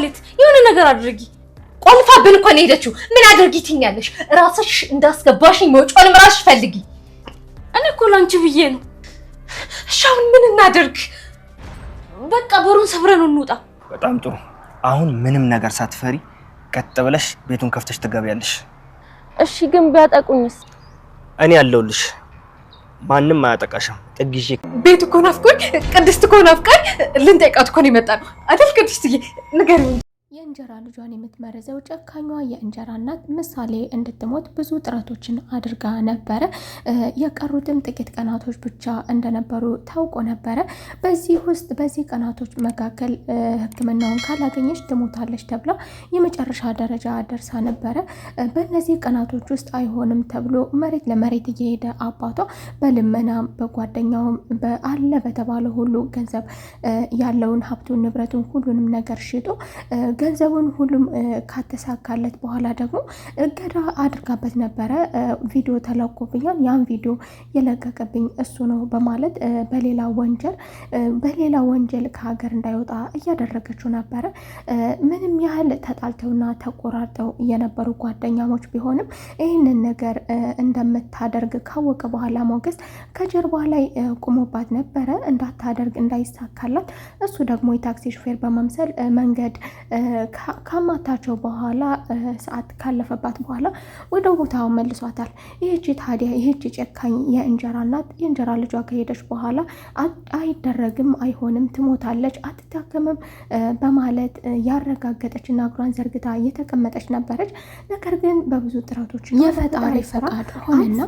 ማህሌት የሆነ ነገር አድርጊ። ቆልፋብን እኮ ነው የሄደችው። ምን አድርጊ ትኛለሽ? ራስሽ እንዳስገባሽኝ መውጫውንም ራስሽ ፈልጊ። እኔ እኮ ላንቺ ብዬ ነው። እሺ አሁን ምን እናድርግ? በቃ በሩን ሰብረን እንውጣ። በጣም ጥሩ። አሁን ምንም ነገር ሳትፈሪ ቀጥ ብለሽ ቤቱን ከፍተሽ ትገቢያለሽ። እሺ ግን ቢያጠቁኝስ? እኔ አለሁልሽ። ማንም አያጠቃሽም። ጥግሽ ቤት እኮ ናፍቆኝ፣ ቅድስት እኮ ናፍቃኝ ልንጠይቃት እኮ ነው የመጣ ነው አይደል? ቅድስትዬ ንገሪው። የእንጀራ ልጇን የምትመርዘው ጨካኟ የእንጀራ እናት ምሳሌ እንድትሞት ብዙ ጥረቶችን አድርጋ ነበረ። የቀሩትም ጥቂት ቀናቶች ብቻ እንደነበሩ ታውቆ ነበረ። በዚህ ውስጥ በዚህ ቀናቶች መካከል ሕክምናውን ካላገኘች ትሞታለች ተብላ የመጨረሻ ደረጃ ደርሳ ነበረ። በእነዚህ ቀናቶች ውስጥ አይሆንም ተብሎ መሬት ለመሬት እየሄደ አባቷ በልመና በጓደኛውም አለ በተባለ ሁሉ ገንዘብ ያለውን ሀብቱን ንብረቱን ሁሉንም ነገር ሽጦ ገንዘብ ገንዘቡን ሁሉም ካተሳካለት በኋላ ደግሞ እገዳ አድርጋበት ነበረ። ቪዲዮ ተለቆብኛል፣ ያን ቪዲዮ የለቀቀብኝ እሱ ነው በማለት በሌላ ወንጀል በሌላ ወንጀል ከሀገር እንዳይወጣ እያደረገችው ነበረ። ምንም ያህል ተጣልተውና ተቆራርጠው የነበሩ ጓደኛሞች ቢሆንም ይህንን ነገር እንደምታደርግ ካወቀ በኋላ ሞገስ ከጀርባ ላይ ቁሞባት ነበረ እንዳታደርግ እንዳይሳካላት። እሱ ደግሞ የታክሲ ሹፌር በመምሰል መንገድ ከማታቸው በኋላ ሰዓት ካለፈባት በኋላ ወደ ቦታው መልሷታል። ይህቺ ታዲያ ይህቺ ጨካኝ የእንጀራ እናት የእንጀራ ልጇ ከሄደች በኋላ አይደረግም፣ አይሆንም፣ ትሞታለች፣ አትታከምም በማለት ያረጋገጠች እና እግሯን ዘርግታ እየተቀመጠች ነበረች። ነገር ግን በብዙ ጥረቶች የፈጣሪ ፈቃድ ሆነና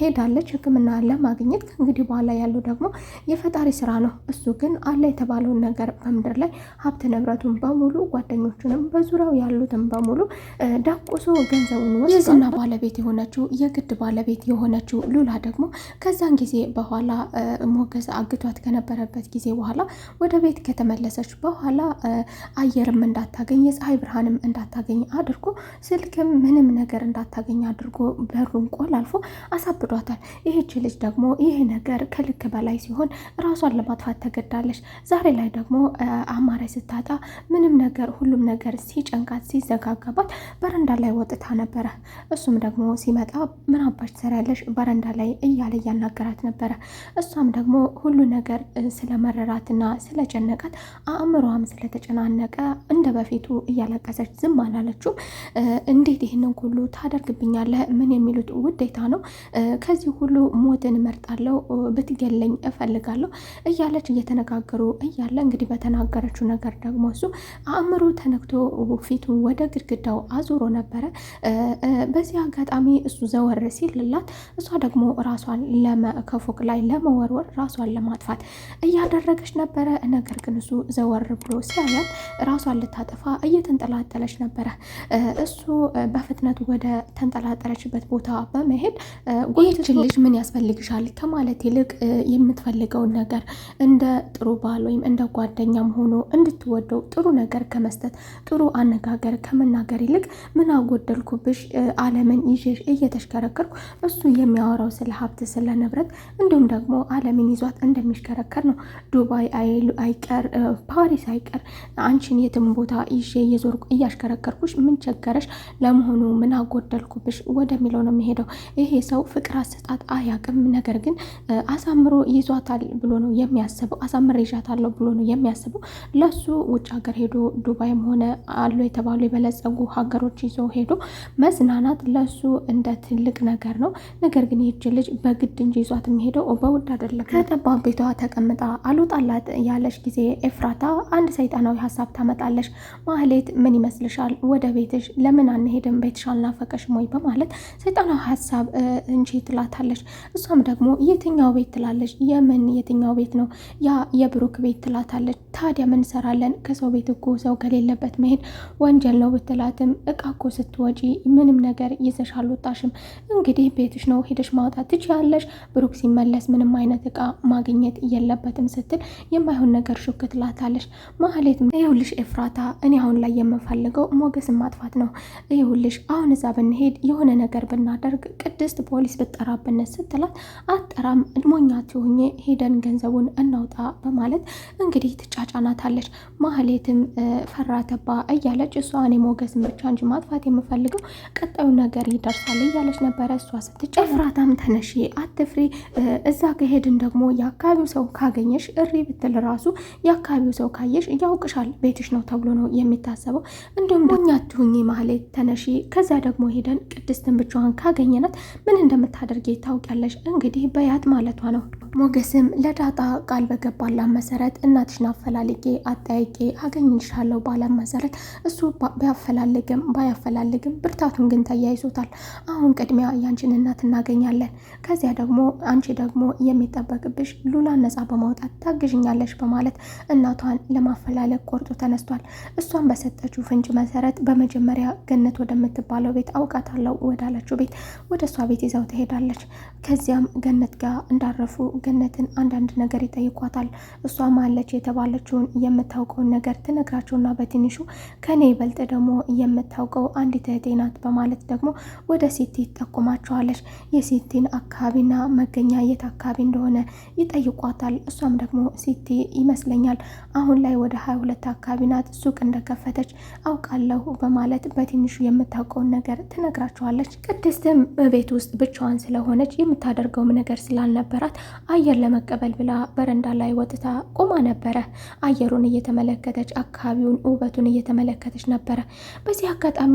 ሄዳለች ሕክምና ለማግኘት። ከእንግዲህ በኋላ ያለው ደግሞ የፈጣሪ ስራ ነው። እሱ ግን አለ የተባለውን ነገር በምድር ላይ ሀብት ንብረቱን በሙሉ ጓደኞች ሌሎቹንም በዙሪያው ያሉትን በሙሉ ዳቆሶ ገንዘቡን የዝና ባለቤት የሆነችው የግድ ባለቤት የሆነችው ሉላ ደግሞ ከዛን ጊዜ በኋላ ሞገስ አግቷት ከነበረበት ጊዜ በኋላ ወደ ቤት ከተመለሰች በኋላ አየርም እንዳታገኝ የፀሐይ ብርሃንም እንዳታገኝ አድርጎ ስልክም ምንም ነገር እንዳታገኝ አድርጎ በሩን ቆል አልፎ አሳብዷታል። ይህች ልጅ ደግሞ ይህ ነገር ከልክ በላይ ሲሆን ራሷን ለማጥፋት ተገዳለች። ዛሬ ላይ ደግሞ አማራጭ ስታጣ ምንም ነገር ሁሉ ሁሉም ነገር ሲጨንቃት ሲዘጋጋባት በረንዳ ላይ ወጥታ ነበረ። እሱም ደግሞ ሲመጣ ምን አባሽ ትሰሪያለሽ በረንዳ ላይ እያለ እያናገራት ነበረ። እሷም ደግሞ ሁሉ ነገር ስለመረራትና ስለጨነቃት አእምሮዋም ስለተጨናነቀ እንደ በፊቱ እያለቀሰች ዝም አላለችም። እንዴት ይህንን ሁሉ ታደርግብኛለህ? ምን የሚሉት ውዴታ ነው? ከዚህ ሁሉ ሞትን እመርጣለሁ፣ ብትገለኝ እፈልጋለሁ እያለች እየተነጋገሩ እያለ እንግዲህ በተናገረችው ነገር ደግሞ እሱ አእምሮ ተነክቶ ፊቱን ወደ ግድግዳው አዙሮ ነበረ። በዚህ አጋጣሚ እሱ ዘወር ሲልላት፣ እሷ ደግሞ ራሷን ከፎቅ ላይ ለመወርወር ራሷን ለማጥፋት እያደረገች ነበረ። ነገር ግን እሱ ዘወር ብሎ ሲያያት ራሷን ልታጠፋ እየተንጠላጠለች ነበረ። እሱ በፍጥነት ወደ ተንጠላጠለችበት ቦታ በመሄድ ይህች ልጅ ምን ያስፈልግሻል ከማለት ይልቅ የምትፈልገውን ነገር እንደ ጥሩ ባል ወይም እንደ ጓደኛም ሆኖ እንድትወደው ጥሩ ነገር ከመስጠት ጥሩ አነጋገር ከመናገር ይልቅ ምን አጎደልኩብሽ አለምን ይዤሽ እየተሽከረከርኩ እሱ የሚያወራው ስለ ሀብት፣ ስለ ንብረት እንዲሁም ደግሞ አለምን ይዟት እንደሚሽከረከር ነው። ዱባይ አይቀር ፓሪስ አይቀር አንቺን የትም ቦታ ይዤ እየዞርኩ እያሽከረከርኩሽ ምን ቸገረሽ? ለመሆኑ ምን አጎደልኩብሽ ወደሚለው ነው የሚሄደው። ይሄ ሰው ፍቅር አሰጣት አያቅም ነገር ግን አሳምሮ ይዟታል ብሎ ነው የሚያስበው። አሳምሬ ይዣታለሁ ብሎ ነው የሚያስበው። ለሱ ውጭ ሀገር ሄዶ ዱባይ ሆነ አሉ የተባሉ የበለጸጉ ሀገሮች ይዞ ሄዶ መዝናናት ለሱ እንደ ትልቅ ነገር ነው። ነገር ግን ይህች ልጅ በግድ እንጂ ይዟት የሚሄደው በውድ አይደለም። ከጠባብ ቤቷ ተቀምጣ አሉጣላት ያለች ጊዜ ኤፍራታ አንድ ሰይጣናዊ ሀሳብ ታመጣለች። ማህሌት ምን ይመስልሻል? ወደ ቤትሽ ለምን አንሄድም? ቤትሽ አልናፈቀሽም ወይ? በማለት ሰይጣናዊ ሀሳብ እንጂ ትላታለች። እሷም ደግሞ የትኛው ቤት ትላለች። የምን የትኛው ቤት ነው? ያ የብሩክ ቤት ትላታለች። ታዲያ ምን እንሰራለን? ከሰው ቤት እኮ ሰው ከሌለ ያለበት መሄድ ወንጀል ነው ብትላትም እቃ እኮ ስትወጪ ምንም ነገር ይዘሽ አልወጣሽም፣ እንግዲህ ቤትሽ ነው ሄደሽ ማውጣት ትችያለሽ፣ ብሩክ ሲመለስ ምንም አይነት እቃ ማግኘት የለበትም ስትል የማይሆን ነገር ሹክ ትላታለሽ። ማህሌት ይኸውልሽ ኤፍራታ፣ እኔ አሁን ላይ የምፈልገው ሞገስ ማጥፋት ነው። ይኸውልሽ አሁን እዛ ብንሄድ የሆነ ነገር ብናደርግ ቅድስት ፖሊስ ብጠራብን ስትላት አጠራም እድሞኛ ሆኜ ሄደን ገንዘቡን እናውጣ በማለት እንግዲህ ትጫጫናታለች። ማህሌትም ፈራ ተንከራተባ እያለች እሷ እኔ ሞገስን ብቻ እንጂ ማጥፋት የምፈልገው ቀጣዩ ነገር ይደርሳል እያለች ነበረ። እሷ ስትጨ ፍራታም ተነሺ፣ አትፍሪ፣ እዛ ከሄድን ደግሞ የአካባቢው ሰው ካገኘሽ እሪ ብትል ራሱ የአካባቢው ሰው ካየሽ ያውቅሻል፣ ቤትሽ ነው ተብሎ ነው የሚታሰበው። እንዲሁም ደኛትሁኝ አትሁኚ ማህሌት ተነሺ፣ ከዚያ ደግሞ ሄደን ቅድስትን ብቻዋን ካገኘናት ምን እንደምታደርግ ታውቂያለሽ፣ እንግዲህ በያት ማለቷ ነው። ሞገስም ለዳጣ ቃል በገባላት መሰረት እናትሽን አፈላልጌ አጠያይቄ አገኝልሻለሁ ባለ መሰረት እሱ ቢያፈላልግም ባያፈላልግም ብርታቱን ግን ተያይዞታል። አሁን ቅድሚያ ያንቺን እናት እናገኛለን። ከዚያ ደግሞ አንቺ ደግሞ የሚጠበቅብሽ ሉላን ነፃ በማውጣት ታግዥኛለሽ በማለት እናቷን ለማፈላለግ ቆርጦ ተነስቷል። እሷን በሰጠችው ፍንጭ መሰረት በመጀመሪያ ገነት ወደምትባለው ቤት አውቃታለሁ ወዳለችው ቤት ወደ እሷ ቤት ይዘው ትሄዳለች። ከዚያም ገነት ጋር እንዳረፉ ገነትን አንዳንድ ነገር ይጠይቋታል። እሷ ማለች የተባለችውን የምታውቀውን ነገር ትነግራቸውና በትን በትንሹ ከኔ ይበልጥ ደግሞ የምታውቀው አንዲት እህቴ ናት በማለት ደግሞ ወደ ሴቲት ጠቁማቸዋለች። የሴቲን አካባቢና መገኛ የት አካባቢ እንደሆነ ይጠይቋታል። እሷም ደግሞ ሴቲ ይመስለኛል አሁን ላይ ወደ ሀያ ሁለት አካባቢ ናት ሱቅ እንደከፈተች አውቃለሁ በማለት በትንሹ የምታውቀውን ነገር ትነግራቸዋለች። ቅድስትም በቤት ውስጥ ብቻዋን ስለሆነች የምታደርገውም ነገር ስላልነበራት አየር ለመቀበል ብላ በረንዳ ላይ ወጥታ ቆማ ነበረ። አየሩን እየተመለከተች አካባቢውን ውበቱ አስፓልቱን እየተመለከተች ነበረ። በዚህ አጋጣሚ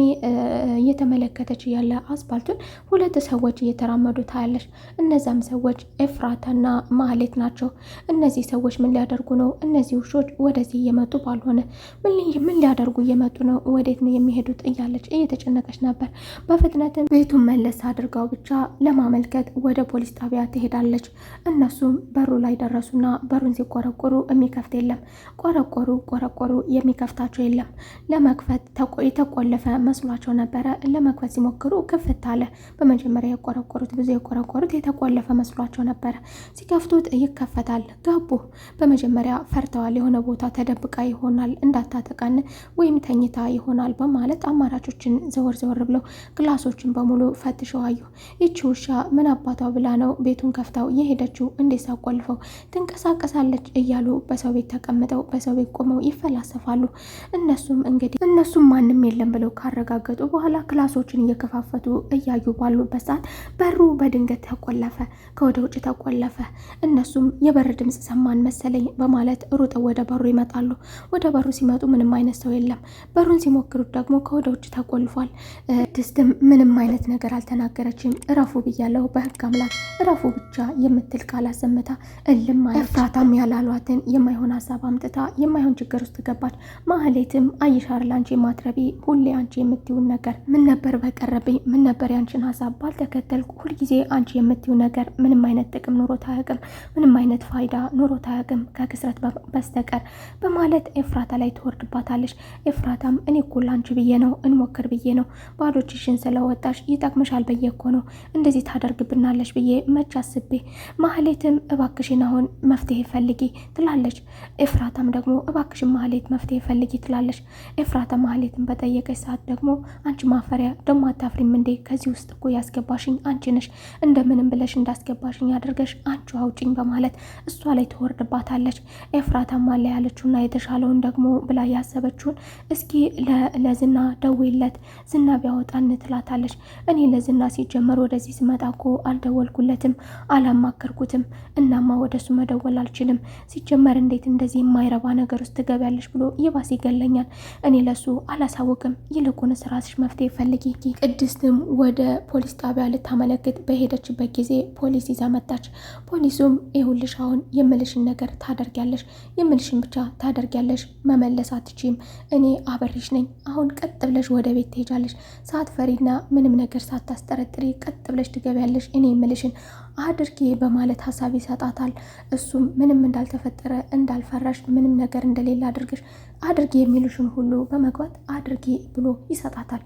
እየተመለከተች ያለ አስፓልቱን ሁለት ሰዎች እየተራመዱ ታያለች። እነዛም ሰዎች ኤፍራታና ማህሌት ናቸው። እነዚህ ሰዎች ምን ሊያደርጉ ነው? እነዚህ ውሾች ወደዚህ እየመጡ ባልሆነ ምን ሊያደርጉ እየመጡ ነው? ወዴት ነው የሚሄዱት? እያለች እየተጨነቀች ነበር። በፍጥነትም ቤቱን መለስ አድርጋው ብቻ ለማመልከት ወደ ፖሊስ ጣቢያ ትሄዳለች። እነሱም በሩ ላይ ደረሱና በሩን ሲቆረቆሩ የሚከፍት የለም። ቆረቆሩ ቆረቆሩ፣ የሚከፍታቸው መስሏቸው የለም። ለመክፈት የተቆለፈ መስሏቸው ነበረ። ለመክፈት ሲሞክሩ ክፍት አለ። በመጀመሪያ የቆረቆሩት ብዙ የቆረቆሩት የተቆለፈ መስሏቸው ነበረ። ሲከፍቱት ይከፈታል። ገቡ። በመጀመሪያ ፈርተዋል። የሆነ ቦታ ተደብቃ ይሆናል እንዳታጠቃን ወይም ተኝታ ይሆናል በማለት አማራጮችን ዘወር ዘወር ብለው ግላሶችን በሙሉ ፈትሸው አዩ። ይቺ ውሻ ምን አባቷ ብላ ነው ቤቱን ከፍታው የሄደችው? እንዴት ሳቆልፈው ትንቀሳቀሳለች? እያሉ በሰው ቤት ተቀምጠው በሰው ቤት ቆመው ይፈላሰፋሉ። እነሱም እንግዲህ እነሱም ማንም የለም ብለው ካረጋገጡ በኋላ ክላሶችን እየከፋፈቱ እያዩ ባሉበት ሰዓት በሩ በድንገት ተቆለፈ፣ ከወደ ውጭ ተቆለፈ። እነሱም የበር ድምፅ ሰማን መሰለኝ በማለት ሩጠው ወደ በሩ ይመጣሉ። ወደ በሩ ሲመጡ ምንም አይነት ሰው የለም። በሩን ሲሞክሩት ደግሞ ከወደ ውጭ ተቆልፏል። ድስትም ምንም አይነት ነገር አልተናገረችም። እረፉ ብያለሁ በህግ አምላክ እረፉ ብቻ የምትል ቃል አሰምታ እልም። ኤፍራታም ያላሏትን የማይሆን ሀሳብ አምጥታ የማይሆን ችግር ውስጥ ገባች። ማህሌ ማህሌትም አይሻር ላንቺ ማትረቢ ሁሌ አንቺ የምትይውን ነገር ምን ነበር በቀረብኝ? ምን ነበር ያንቺን ሀሳብ ባልተከተልኩ? ሁልጊዜ አንቺ የምትይው ነገር ምንም አይነት ጥቅም ኑሮት አያውቅም፣ ምንም አይነት ፋይዳ ኑሮት አያውቅም ከክስረት በስተቀር በማለት ኤፍራታ ላይ ትወርድባታለች። ኤፍራታም እኔ እኮ ላንቺ ብዬ ነው እንሞክር ብዬ ነው ባዶችሽን ስለወጣሽ ይጠቅምሻል ብዬ እኮ ነው እንደዚህ ታደርግብናለሽ ብዬ መች አስቤ። ማህሌትም እባክሽን አሁን መፍትሄ ፈልጊ ትላለች። ኤፍራታም ደግሞ እባክሽን ማህሌት መፍትሄ ፈልጊ ትችላለች። ኤፍራታ ማህሌትን በጠየቀች ሰዓት ደግሞ አንቺ ማፈሪያ ደሞ አታፍሪም እንዴ? ከዚህ ውስጥ እኮ ያስገባሽኝ አንቺ ነሽ፣ እንደምንም ብለሽ እንዳስገባሽኝ አድርገሽ አንቺ አውጭኝ በማለት እሷ ላይ ትወርድባታለች። ኤፍራታ ማለ ያለችውና የተሻለውን ደግሞ ብላ ያሰበችውን እስኪ ለዝና ደውይለት ዝና ቢያወጣን ትላታለች። እኔ ለዝና ሲጀመር ወደዚህ ስመጣ እኮ አልደወልኩለትም፣ አላማከርኩትም። እናማ ወደሱ መደወል አልችልም። ሲጀመር እንዴት እንደዚህ የማይረባ ነገር ውስጥ ትገቢያለች ብሎ ይባስ ይገል ይለኛል። እኔ ለሱ አላሳወቅም። ይልቁንስ ራስሽ መፍትሄ ፈልጊ። ቅድስትም ወደ ፖሊስ ጣቢያ ልታመለክት በሄደችበት ጊዜ ፖሊስ ይዛ መጣች። ፖሊሱም ይኸውልሽ አሁን የምልሽን ነገር ታደርጊያለሽ፣ የምልሽን ብቻ ታደርጊያለሽ፣ መመለስ አትችም። እኔ አበሪሽ ነኝ። አሁን ቀጥ ብለሽ ወደ ቤት ትሄጃለሽ። ሳትፈሪና ምንም ነገር ሳታስጠረጥሪ ቀጥ ብለሽ ትገቢያለሽ። እኔ የምልሽን አድርጌ በማለት ሀሳብ ይሰጣታል። እሱም ምንም እንዳልተፈጠረ እንዳልፈራሽ፣ ምንም ነገር እንደሌለ አድርገሽ አድርጌ የሚሉሽን ሁሉ በመግባት አድርጌ ብሎ ይሰጣታል።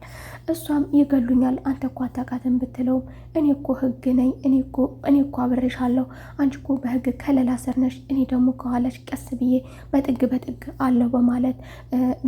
እሷም ይገሉኛል፣ አንተ እኮ አታውቃትም ብትለው እኔ እኮ ህግ ነኝ፣ እኔ እኮ አብሬሻለሁ፣ አንቺ እኮ በህግ ከለላ ስር ነሽ፣ እኔ ደግሞ ከኋላሽ ቀስ ብዬ በጥግ በጥግ አለው በማለት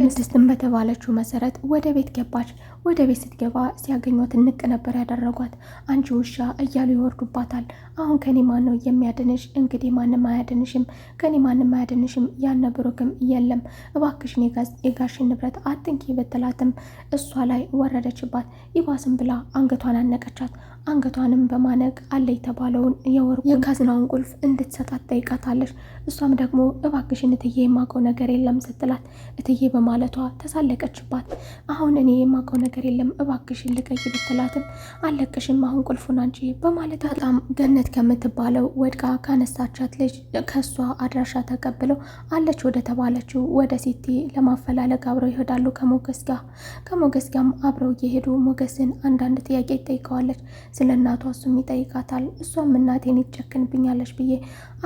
ምስትን በተባለችው መሰረት ወደ ቤት ገባች። ወደ ቤት ስትገባ ሲያገኟት ንቅ ነበር ያደረጓት። አንቺ ውሻ እያሉ ይወርዱባታል። አሁን ከኔ ማን ነው የሚያድንሽ? እንግዲህ ማንም አያድንሽም፣ ከኔ ማንም አያድንሽም። ያነ ብሩክም የለም እባክሽ እኔ የጋሽን ንብረት አትንኪ ብትላትም እሷ ላይ ወረደችባት። ይባስም ብላ አንገቷን አነቀቻት። አንገቷንም በማነቅ አለ የተባለውን የወርቁ የካዝናውን ቁልፍ እንድትሰጣት ጠይቃታለች። እሷም ደግሞ እባክሽን እትዬ የማውቀው ነገር የለም ስትላት እትዬ በማለቷ ተሳለቀችባት። አሁን እኔ የማውቀው ነገር የለም እባክሽን ልቀይ ብትላትም አለቅሽም አሁን ቁልፉን አንቺ በማለት በጣም ገነት ከምትባለው ወድቃ ካነሳቻት ልጅ ከእሷ አድራሻ ተቀብለው አለች ወደ ተባለችው ወደ ሴቲ ለማፈላለግ አብረው ይሄዳሉ ከሞገስ ጋር። ከሞገስ ጋርም አብረው እየሄዱ ሞገስን አንዳንድ ጥያቄ ጠይቀዋለች። ስለ እናቷ እሱም ይጠይቃታል። እሷም እናቴን ይጨክንብኛለች ብዬ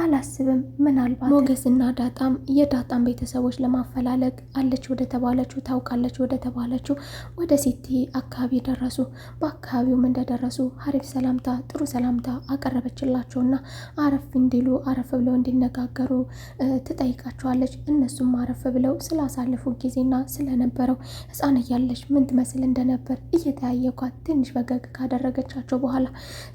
አላስብም። ምናልባት ሞገስና ዳጣም የዳጣም ቤተሰቦች ለማፈላለግ አለች ወደ ተባለችው ታውቃለች ወደ ተባለችው ወደ ሲቲ አካባቢ ደረሱ። በአካባቢውም እንደደረሱ ሀሪፍ ሰላምታ ጥሩ ሰላምታ አቀረበችላቸውና አረፍ እንዲሉ አረፍ ብለው እንዲነጋገሩ ትጠይቃቸዋለች። እነሱም አረፍ ብለው ስላሳለፉ ጊዜና ስለነበረው ህፃን እያለች ምን ትመስል እንደነበር እየተያየኳት ትንሽ ፈገግ ካደረገቻቸው በኋላ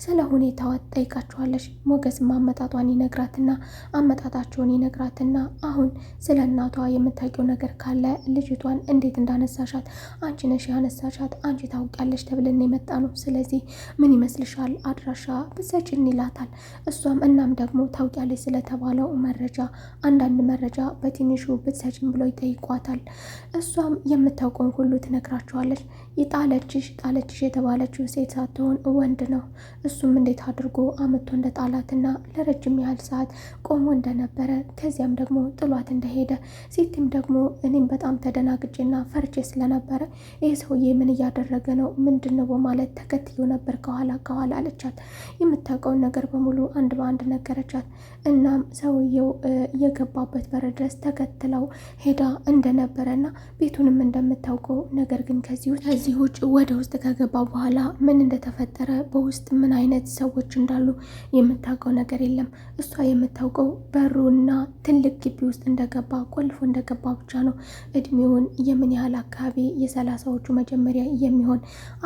ስለ ሁኔታዋ ጠይቃቸዋለች። ሞገስም አመጣጧን ይነግራትና አመጣጣቸውን ይነግራትና አሁን ስለ እናቷ የምታውቂው ነገር ካለ ልጅቷን እንዴት እንዳነሳሻት አንቺ ነሽ ያነሳሻት፣ አንቺ ታውቂያለሽ ተብለን የመጣ ነው። ስለዚህ ምን ይመስልሻል አድራሻ ብሰጭን ይላታል። እሷም እናም ደግሞ ታውቂያለሽ ስለተባለው መረጃ አንዳንድ መረጃ በትንሹ ብትሰጭን ብሎ ይጠይቋታል። እሷም የምታውቀውን ሁሉ ትነግራቸዋለች። ይጣለችሽ ጣለችሽ የተባለችው ሴት ሳትሆን ወንድ ነው። እሱም እንዴት አድርጎ አመቶ እንደ ጣላትና ለረጅም ያህል ሰዓት ቆሞ እንደነበረ ከዚያም ደግሞ ጥሏት እንደሄደ ሴትም ደግሞ እኔም በጣም ተደናግጬና ፈርቼ ስለነበረ ይህ ሰውዬ ምን እያደረገ ነው ምንድን ነው በማለት ተከትዮ ነበር ከኋላ ከኋላ አለቻት። የምታውቀውን ነገር በሙሉ አንድ በአንድ ነገረቻት። እናም ሰውየው የገባበት በር ድረስ ተከትለው ሄዳ እንደነበረና ቤቱንም እንደምታውቀው ነገር ግን ከዚሁ ከዚህ ውጭ ወደ ውስጥ ከገባ በኋላ ምን እንደተፈጠረ በውስጥ ምን አይነት ሰዎች እንዳሉ የምታውቀው ነገር የለም። እሷ የምታውቀው በሩና ትልቅ ግቢ ውስጥ እንደገባ ቆልፎ እንደገባ ብቻ ነው። እድሜውን የምን ያህል አካባቢ የሰላሳዎቹ መጀመሪያ የሚሆን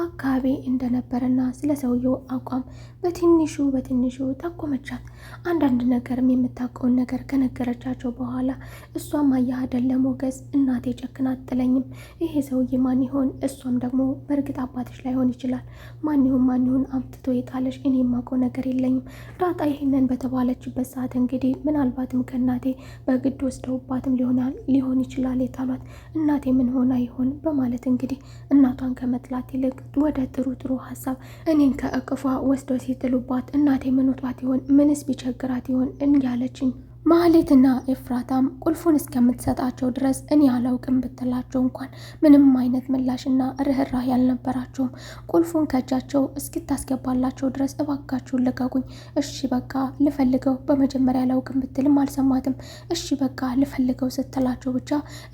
አካባቢ እንደነበረና ስለ ሰውየው አቋም በትንሹ በትንሹ ጠቆመቻት። አንዳንድ ነገርም የምታውቀውን ነገር ከነገረቻቸው በኋላ እሷም አየህ ሞገስ፣ እናቴ ጨክና አጥለኝም ይሄ ሰውዬ ማን ይሆን እሷም ደግሞ በእርግጥ አባትሽ ላይሆን ይችላል። ማንሁን ማንሁን አምትቶ የጣለሽ እኔ የማውቀው ነገር የለኝም። ዳጣ ይህንን በተባለችበት ሰዓት እንግዲህ ምናልባትም ከእናቴ በግድ ወስደውባትም ሊሆን ይችላል የጣሏት። እናቴ ምን ሆና ይሆን በማለት እንግዲህ እናቷን ከመጥላት ይልቅ ወደ ጥሩ ጥሩ ሀሳብ እኔን ከእቅፏ ወስደው ሲጥሉባት እናቴ ምን ወጧት ይሆን ምንስ ቢቸግራት ይሆን እንያለችኝ ማህሌትና ኤፍራታም ቁልፉን እስከምትሰጣቸው ድረስ እኔ አላውቅም ብትላቸው እንኳን ምንም አይነት ምላሽና ርኅራህ ያልነበራቸውም ቁልፉን ከእጃቸው እስክታስገባላቸው ድረስ እባካችሁን ልቀቁኝ፣ እሺ በቃ ልፈልገው። በመጀመሪያ አላውቅም ብትልም አልሰማትም። እሺ በቃ ልፈልገው ስትላቸው ብቻ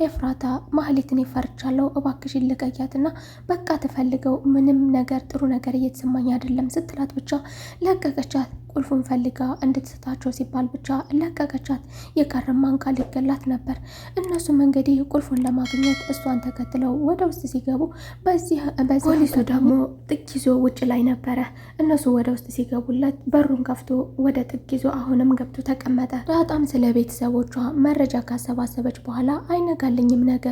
ኤፍራታ ማህሌትን ይፈርቻለሁ፣ እባክሽን ልቀያትና በቃ ትፈልገው፣ ምንም ነገር ጥሩ ነገር እየተሰማኝ አይደለም ስትላት ብቻ ለቀቀቻት። ቁልፉን ፈልጋ እንድትሰጣቸው ሲባል ብቻ ለቀቀቻት። የቀረም ማንካ ሊገላት ነበር። እነሱም እንግዲህ ቁልፉን ለማግኘት እሷን ተከትለው ወደ ውስጥ ሲገቡ በዚህ ፖሊሱ ደግሞ ጥግ ይዞ ውጭ ላይ ነበረ። እነሱ ወደ ውስጥ ሲገቡለት በሩን ከፍቶ ወደ ጥግ ይዞ አሁንም ገብቶ ተቀመጠ። በጣም ስለ ቤተሰቦቿ መረጃ ካሰባሰበች በኋላ አይነጋልኝም ነገ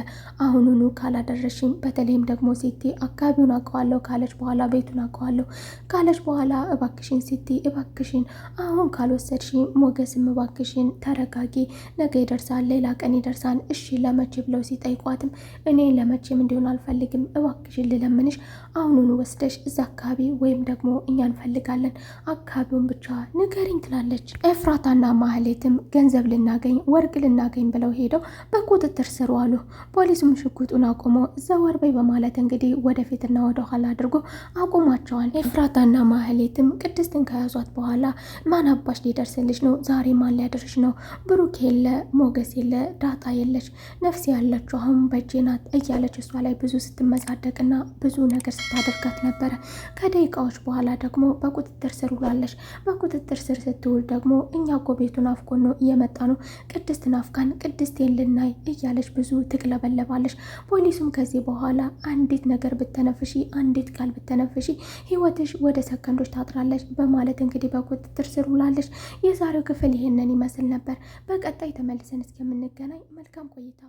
አሁኑኑ ካላደረሽኝ፣ በተለይም ደግሞ ሴቴ አካባቢውን አውቀዋለሁ ካለች በኋላ ቤቱን አውቀዋለሁ ካለች በኋላ እባክሽን ሴቴ እባክሽ እባክሽን አሁን ካልወሰድሽ ሞገስም እባክሽን ተረጋጊ፣ ነገ ይደርሳል፣ ሌላ ቀን ይደርሳል፣ እሺ ለመቼ ብለው ሲጠይቋትም እኔ ለመቼም እንዲሆን አልፈልግም፣ እባክሽን ልለምንሽ፣ አሁኑን ወስደሽ እዛ አካባቢ ወይም ደግሞ እኛ እንፈልጋለን አካባቢውን ብቻ ንገሪኝ ትላለች። ኤፍራታና ማህሌትም ገንዘብ ልናገኝ ወርቅ ልናገኝ ብለው ሄደው በቁጥጥር ስር አሉ። ፖሊሱም ሽጉጡን አቁሞ ዘወር በይ በማለት እንግዲህ ወደፊትና ወደኋላ አድርጎ አቁሟቸዋል። ኤፍራታና ማህሌትም ቅድስትን ከያዟት በኋላ በኋላ ማን አባሽ ሊደርስልሽ ነው? ዛሬ ማን ሊያደርሽ ነው? ብሩክ የለ፣ ሞገስ የለ፣ ዳጣ የለች፣ ነፍሴ ያለችው አሁን በእጄ ናት እያለች እሷ ላይ ብዙ ስትመጻደቅና ብዙ ነገር ስታደርጋት ነበረ። ከደቂቃዎች በኋላ ደግሞ በቁጥጥር ስር ውላለች። በቁጥጥር ስር ስትውል ደግሞ እኛ እኮ ቤቱ ነው እየመጣ ነው፣ ቅድስት ናፍቃን፣ ቅድስቴን ልናይ እያለች ብዙ ትቅለበለባለች። ፖሊሱም ከዚህ በኋላ አንዲት ነገር ብተነፍሽ አንዲት ቃል ብተነፍሽ ህይወትሽ ወደ ሰከንዶች ታጥራለች በማለት እንግዲህ ቁጥጥር ስር ውላለች። የዛሬው ክፍል ይህንን ይመስል ነበር። በቀጣይ ተመልሰን እስከምንገናኝ መልካም ቆይታ